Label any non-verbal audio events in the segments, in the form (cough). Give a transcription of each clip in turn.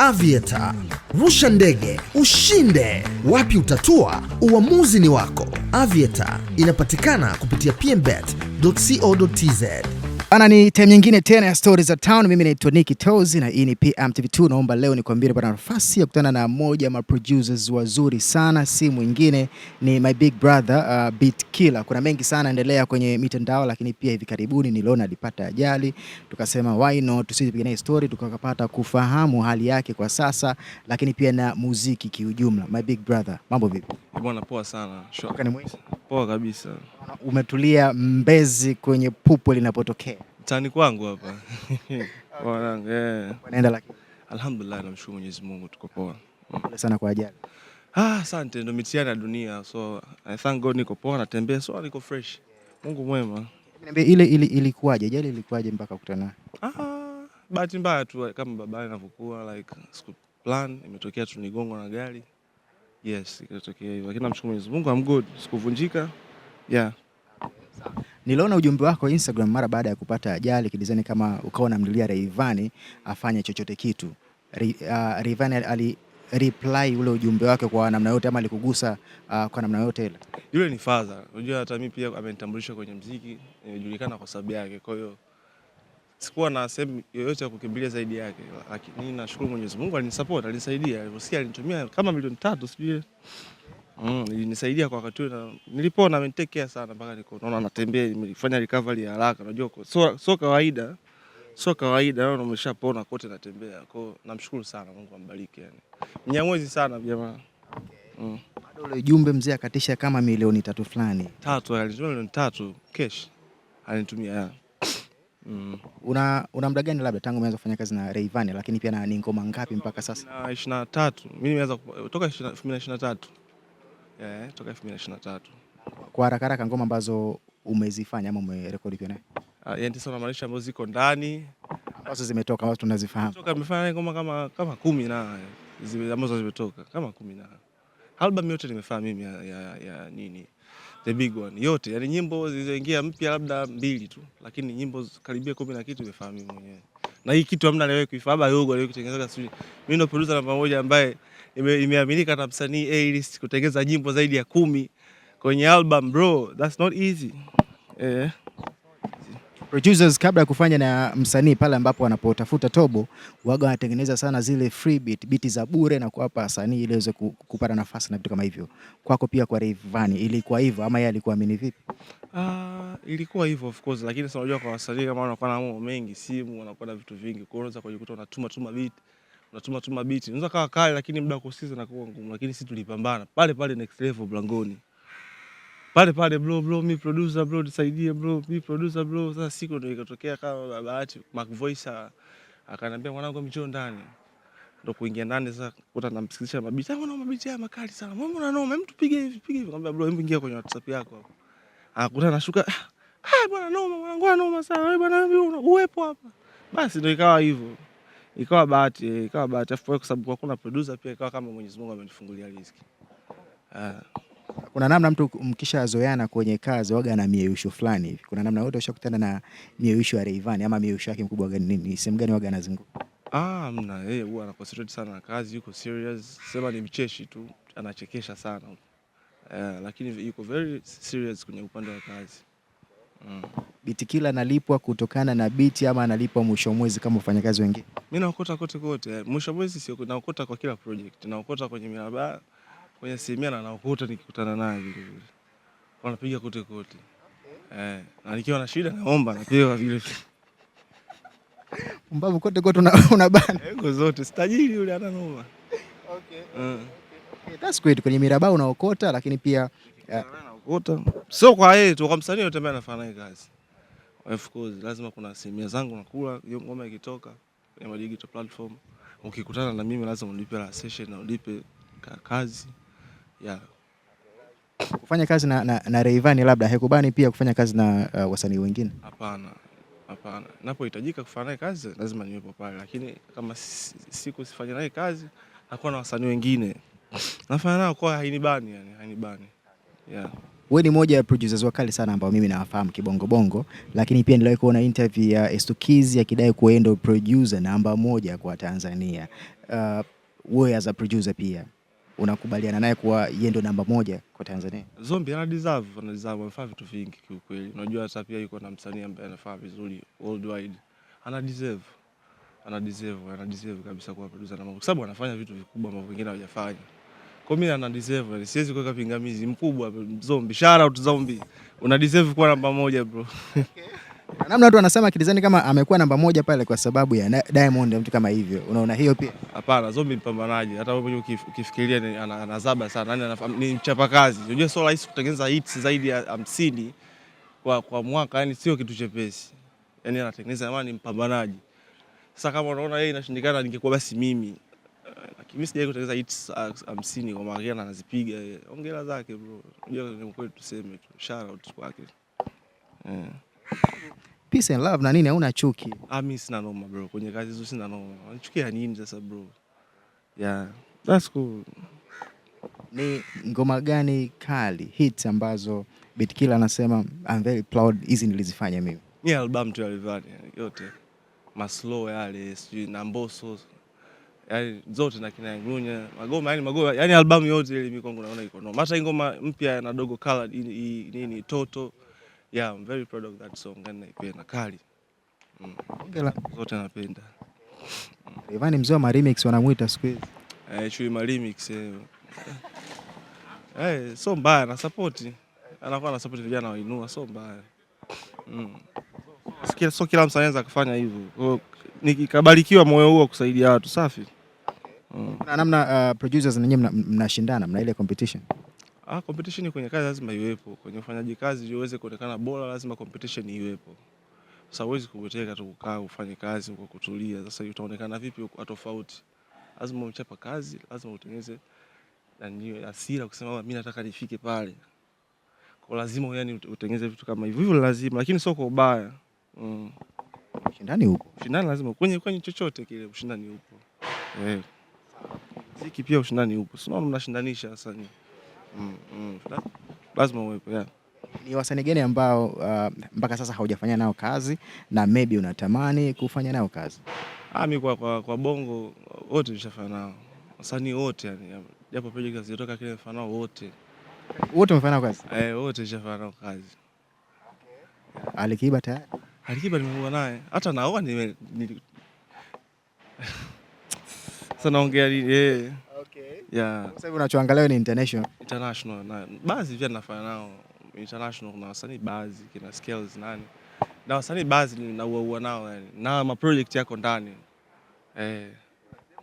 avieta rusha ndege ushinde. Wapi utatua? Uamuzi ni wako. avieta inapatikana kupitia pmbet.co.tz. Bana, ni time nyingine tena ya Stories za Town. Mimi naitwa Nicky Tozi na hii ni PMTV2. Naomba leo nikwambie bwana, nafasi ya kukutana na moja ma producers wazuri sana, si mwingine ni my big brother uh, Beat Killer. Kuna mengi sana endelea kwenye mitandao, lakini pia hivi karibuni niliona alipata ajali, tukasema why not tusipiganie story, tukakapata kufahamu hali yake kwa sasa, lakini pia na muziki kiujumla. My big brother, mambo vipi? Bwana poa sana. mwisho. Poa kabisa. Umetulia Mbezi kwenye pupo linapotokea tani kwangu hapa (laughs) wanangu. Eh, naenda lakini alhamdulillah, namshukuru Mwenyezi Mungu, tuko poa. Pole sana kwa ajali. Ah, asante, ndo mitihani ya dunia, so I thank God niko poa, natembea, so niko fresh. Mungu mwema. Niambie, ile ile ilikuwaje? Ajali ilikuwaje mpaka ukutana? Ah, bahati mbaya tu kama baba anavyokuwa like siku plan imetokea tu nigongo na gari. Yes, ikatokea hivyo. Lakini namshukuru Mwenyezi Mungu, I'm good. Sikuvunjika. Yeah. Niliona ujumbe wako Instagram mara baada ya kupata ajali kidizani, kama ukawa unamlilia Rayvanny afanye chochote kitu. Uh, ali reply ule ujumbe wake kwa namna yote ama alikugusa uh, kwa namna yote ile? Yule ni faza, unajua hata mimi pia amenitambulisha kwenye mziki, nimejulikana kwa sababu yake, kwa hiyo sikuwa na sehemu yoyote ya kukimbilia zaidi yake, lakini nashukuru Mwenyezi Mungu alinisupport, alinisaidia, alivyosikia alinitumia kama milioni tatu sijui Mm, kwa wakati ule nilipona, nilitake care sana mpaka niko naona natembea, nimefanya recovery ya haraka. Unajua so, so kawaida sio kawaida, naona umeshapona kote natembea. Kwa hiyo namshukuru sana Mungu ambariki, yani Mnyamwezi sana jamaa. Mm. Bado ule jumbe mzee akatisha kama milioni tatu fulani tatu, alitumia milioni tatu cash alinitumia. Mm. Una, una muda gani labda tangu umeanza kufanya kazi na Rayvanny, lakini pia na ni ngoma ngapi mpaka sasa? na ishirini mimi nimeanza toka 2023. Eh, toka 2023. Kwa haraka haraka ngoma ambazo umezifanya ama umerekodi pia naye? Ah, yani sasa maanisha ambazo ziko ndani ambazo zimetoka ambazo tunazifahamu. Toka nimefanya ngoma kama kama 10 na zime, ambazo zimetoka kama 10 na. Album yote nimefanya mimi ya, ya, ya nini? The big one yote, yani nyimbo zilizoingia mpya labda mbili tu, lakini nyimbo karibia kumi na kitu nimefanya mimi mwenyewe. Na hii kitu hamna leo kuifahamu yogo leo kutengeneza sijui. Mimi ndo producer namba moja ambaye imeaminika na msanii A-list kutengeza nyimbo zaidi ya kumi kwenye album bro, that's not easy eh. Producers kabla ya kufanya na msanii pale ambapo wanapotafuta tobo waga wanatengeneza sana zile free beat, beat za bure na kuwapa wasanii ili waweze kupata nafasi na vitu kama hivyo. Kwako pia kwa Rayvanny ilikuwa hivyo ama yeye alikuwa amini vipi? Ah, uh, ilikuwa hivyo of course, lakini unajua kwa wasanii kama wanakuwa na mambo mengi, simu wanakuwa na vitu vingi, kwa hiyo unaweza kujikuta unatuma tuma beat unatuma tuma biti, unaweza kawa kali, lakini muda kusiza na kuwa ngumu, lakini sisi tulipambana pale pale next level mlangoni pale pale bro, bro mi producer bro, nisaidie bro, mi producer bro. Sasa siku ndio ikatokea kama bahati, Mac Voice akaniambia mwanangu, mjoo ndani, ndo kuingia ndani. Sasa kuta namsikilisha mabiti, ah, mabiti haya makali sana, mbona unanoma, hebu tupige hivi, pige hivi. Kaambia bro, hebu ingia kwenye WhatsApp yako hapo. Akakuta nashuka, ah bwana, noma mwanangu, noma sana wewe bwana, uwepo hapa. Basi ndio ikawa hivyo ikawa bahati, ikawa bahati afu kwa sababu hakuna producer pia ikawa kama Mwenyezi Mungu amenifungulia riziki. Ah. Kuna namna mtu zoeana kwenye kazi waga na mieusho fulani hivi. Kuna namna wote ushakutana na mieusho ya Rayvanny ama mieusho yake mkubwa gani nini? Sehemu gani waga anazunguka? Ah, mna yeye eh, huwa ana concentrate sana na kazi, yuko serious. Sema ni mcheshi tu, anachekesha sana. Eh, lakini yuko very serious kwenye upande wa kazi. Mm. Biti kila analipwa kutokana na biti ama analipwa mwisho mwezi kama wafanyakazi wengine? Mimi naokota kote kote. Mwisho mwezi sio naokota kwa kila project. Naokota kwenye miraba, kwenye simia na naokota nikikutana naye vile vile. Wanapiga kote kote. Eh, na nikiwa na shida naomba napewa vile vile. Mbavu kote kote una, una bana. (laughs) Ego zote. Stajili yule ana noma. Okay. Mm. Okay. That's great. Kwenye miraba unaokota lakini pia uh, kukuta sio kwa yeye tu, kwa msanii yote ambaye anafanya naye kazi. Of course lazima kuna asilimia zangu nakula, hiyo ngoma ikitoka kwenye digital platform, ukikutana na mimi lazima unipe la session na unipe kazi yeah. Kufanya kazi na, na, na Rayvanny labda hekubani pia kufanya kazi na uh, wasanii wengine? Hapana, hapana. Napohitajika kufanya naye kazi lazima niwepo pale, lakini kama siku sifanye naye kazi hakuwa na wasanii wengine nafanya nao kwa hainibani, yani hainibani yeah wewe ni moja ya producers wakali sana ambao mimi nawafahamu bongo, lakini pia niliwahi kuona interview ya Estukizi akidai kuwa ndo producer namba moja kwa Tanzania. Uh, wewe as a producer pia unakubaliana naye kuwa yeye ndo namba moja kwa Tanzania? Zombi ana deserve, ana deserve, amefanya vitu vingi kiukweli. Unajua hata pia yuko na msanii ambaye anafanya vizuri worldwide, ana deserve ana deserve, ana deserve kabisa kuwa producer namba moja kwa sababu anafanya vitu vikubwa ambavyo wengine hawajafanya. Kwa mimi na deserve, siwezi kuweka pingamizi. Mkubwa Zombi, shout out Zombi, una deserve kuwa namba moja bro. (laughs) Namna watu wanasema kidizani kama amekuwa namba moja pale kwa sababu ya Diamond, mtu kama hivyo, unaona hiyo pia? Hapana, Zombi mpambanaji, hata wewe mwenyewe ukifikiria anazaba sana, yani ni mchapakazi. Unajua sio rahisi kutengeneza hits zaidi ya hamsini kwa, kwa mwaka, yani sio kitu chepesi, yani anatengeneza, yaani ni mpambanaji. Sasa kama unaona yeye inashindikana, ningekuwa basi mimi lakini mimi sijai kutengeneza hits ah, hamsini kwa Mariana anazipiga. Ongera zake bro, unajua ni kweli, tuseme tu shout out kwake. Eh. Peace and love na nini, hauna chuki? Ah, mimi sina noma bro, kwenye kazi hizo sina noma. Anachukia nini sasa bro? Yeah, that's cool. Ni ngoma gani kali hits ambazo Bit-Killer anasema I'm very proud, hizi nilizifanya mimi? Ni album tu alivani yote, maslow yale sijui na mboso yani zote na kina Ngrunya magoma yani magoma yani albamu yote ile mimi kwangu naona iko noma. Hata ngoma mpya na Dogo Kala nini Toto, yeah I'm very proud of that song yani naipenda kali ongela mm. zote napenda mm. Ivani, mzee wa remix wanamuita siku hizi eh, chui ma remix eh, eh so mbaya na support anakuwa na support vijana wainua, so mbaya mm. Sikia, So kila msanii anaweza kufanya hivyo, nikikabarikiwa moyo huo kusaidia watu safi. Mm. Kuna namna uh, producers na nyinyi mnashindana, mna mna ile competition? Ah, competition kwenye kazi lazima iwepo. Kwenye ufanyaji kazi ili uweze kuonekana bora lazima competition iwepo. Sasa huwezi kubweteka tu kukaa ufanye kazi kwa kutulia. Sasa utaonekana vipi kwa tofauti? Lazima uchapa kazi, lazima utengeneze na ndio asira kusema mimi nataka nifike pale. Kwa lazima yani utengeneze vitu kama hivyo. Hivyo lazima, lakini sio kwa ubaya. Mm. Ushindani upo. Ushindani lazima kwenye kwenye chochote kile ushindani upo. Eh. Yeah. Ziki pia ushindani upo. Si unaona mnashindanisha sasa ni. Mm, mm. Lazima uwepo, yeah. Ni wasanii gani ambao uh, mpaka sasa haujafanya nao kazi na maybe unatamani kufanya nao kazi? Ah, mimi kwa, kwa, kwa bongo wote nishafanya nao wasanii wote yani, japo project hazitoka kile mfano wote wote umefanya nao kazi eh, wote nishafanya nao kazi. Okay. Alikiba tayari, Alikiba nimekuwa naye hata naoa sasa naongea nini? Eh. Okay. Yeah. Sasa hivi unachoangalia ni international. International. Na baadhi pia nafanya nao. International kuna wasanii baadhi kina skills nani. Na wasanii baadhi uwa nao yani. Na ma project yako ndani. Eh.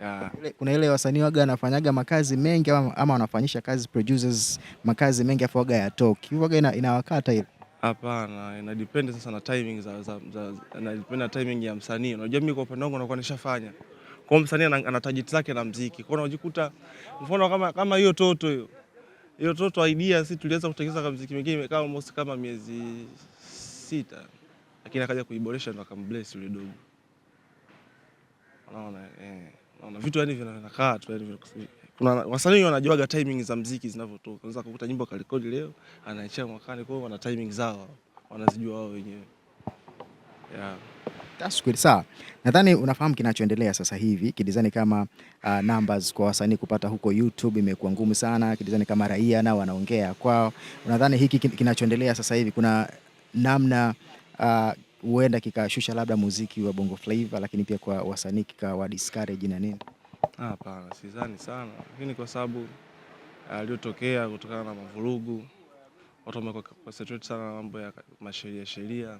Yeah. Kuna ile wasanii waga anafanyaga makazi mengi ama ama wanafanyisha kazi producers makazi mengi afu waga yatoki. Hiyo waga inawakata ina ile. Hapana, ina depend sasa na timing za, za, za na depend na timing ya msanii. Unajua mimi kwa upande wangu nakuwa nishafanya kwa msanii ana target zake na mziki. Kwa unajikuta mfano kama kama hiyo toto hiyo. Hiyo toto idea sisi tuliweza kutengeneza kama mziki mwingine kama almost kama miezi sita. Lakini akaja kuiboresha ndo akambless yule dogo. Unaona eh. Unaona vitu yani vinakaa tu yani kuna wasanii wanajuaga timing za mziki zinavyotoka. Unaweza kukuta nyimbo karekodi leo, anaachia mwakani, kwa hiyo wana timing zao. Wanazijua wao wenyewe. Yeah that's kweli sawa. Nadhani unafahamu kinachoendelea sasa hivi kidizani kama uh, numbers kwa wasanii kupata huko YouTube imekuwa ngumu sana, kidizani kama raia nao wanaongea kwao. Unadhani hiki kinachoendelea sasa hivi kuna namna ah, huenda uh, kikashusha labda muziki wa Bongo Flava, lakini pia kwa wasanii kikawa discourage na nini? Hapana, sidhani sana. Hii ni kwa sababu ah, aliyotokea kutokana na mavurugu, watu wamekuwa concentrate sana na mambo ya masheria sheria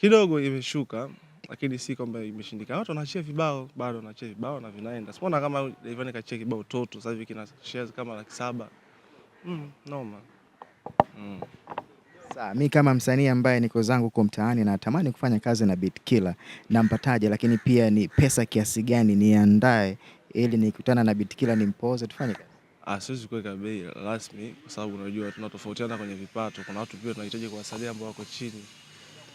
kidogo imeshuka, lakini si kwamba imeshindikana. Watu wanaachia vibao bado, wanaachia vibao na vinaenda. Sipona kama Ivan kachia kibao toto sasa hivi kina shares kama laki saba. Mm, noma. Mm. Sasa mi kama msanii ambaye niko zangu huko mtaani na natamani kufanya kazi na Beat Killer, nampataje? Lakini pia ni pesa kiasi gani niandae ili nikutana na Beat Killer nimpoze tufanye kazi? Ah, siwezi kuweka bei rasmi kwa sababu unajua tunatofautiana kwenye vipato. Kuna watu pia tunahitaji kuwasalia ambao wako chini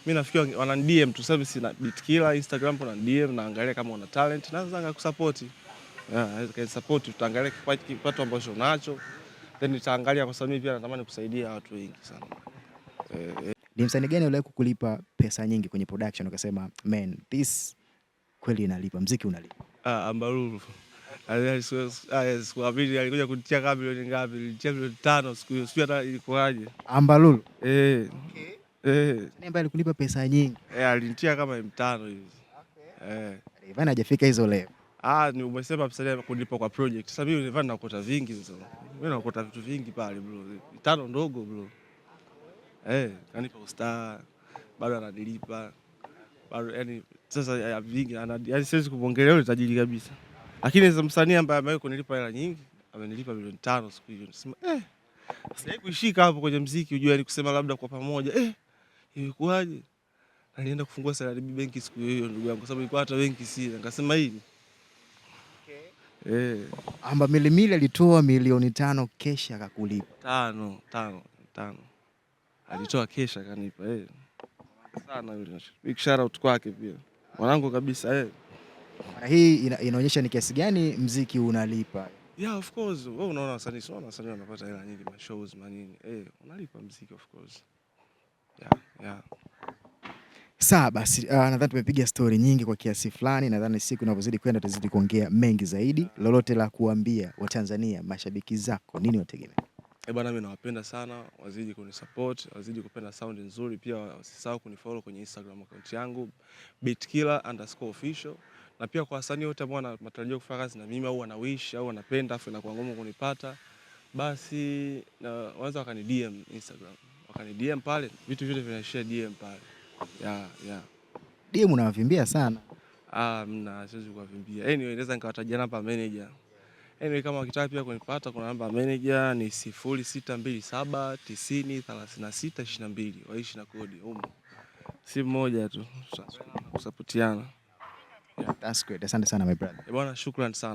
mi nafikiri wana DM tu sasa, sina beat kila Instagram, kuna DM naangalia kama una talent na naweza kusupport Yeah, can support tutaangalia kipato ambacho unacho then nitaangalia kwa sababu mimi pia natamani kusaidia watu wengi sana. Eh, eh, ni msanii gani uliwahi kukulipa pesa nyingi kwenye production ukasema man this kweli inalipa, mziki unalipa? Ah, Ambaruru (laughs) alikuja kunitia kama milioni ngapi? Nilitia milioni tano siku hiyo, sijui hata ilikuwaje Ambaruru. Eh. Okay. Eh. ambaye alikulipa pesa nyingi eh, alinitia kama mtano tano hivi eh. Rayvanny hajafika hizo leo. Ah, ni umesema pesa kulipa kwa project. Sasa mimi Ivan nakota vingi hizo. Mimi nakota vitu vingi pale bro. Mtano ndogo bro. Eh, kanipa usta bado anadilipa bado yani, sasa ya vingi ana yani, siwezi kumongelea yule tajiri kabisa, lakini za msanii ambaye amewahi kunilipa hela nyingi amenilipa milioni tano siku hiyo, Nasema eh, sasa kuishika hapo kwenye mziki, unajua ni kusema labda kwa pamoja eh ilikuwaje? Na nilienda kufungua salaribi benki siku hiyo hiyo, ndugu yangu, kwa sababu ilikuwa hata benki sina. Nikasema hivi okay. Eh, amba Milimili alitoa milioni tano kesha akakulipa tano tano tano, alitoa kesha akanipa eh. Sana yule, big shout out kwake pia, mwanangu kabisa eh. Hii ina, inaonyesha ni kiasi gani mziki unalipa. Yeah, of course. Wewe unaona wasanii, sio wasanii wanapata hela nyingi, ma shows ma nini. Eh, unalipa mziki of course yeah. Sawa basi, uh, nadhani tumepiga stori nyingi kwa kiasi fulani. Nadhani siku inavyozidi kwenda tutazidi kuongea mengi zaidi. Lolote la kuambia Watanzania, mashabiki zako, nini wategemea? Eh, bwana mimi nawapenda sana, wazidi kunisupport, wazidi kupenda sound nzuri. Pia wasisahau kunifollow kwenye Instagram account yangu beatkiller_official, na pia kwa wasanii wote ambao wanatarajia kufanya kazi na mimi au wanawish au wanapenda afu inakuwa ngumu kunipata, basi wanaweza wakani DM Instagram pale DM pale, vitu vyote vinaishia DM pale. yeah, yeah. DM unawavimbia sana? Ah, mna siwezi kuwavimbia. Anyway, naweza nikawatajia namba manager. Anyway, kama ukitaka pia kunipata kuna namba manager ni 0627 90 36 22 waishi na kodi humo. Si mmoja tu. Kusapotiana. Yeah. That's great. Asante sana my brother. Bwana, shukrani sana.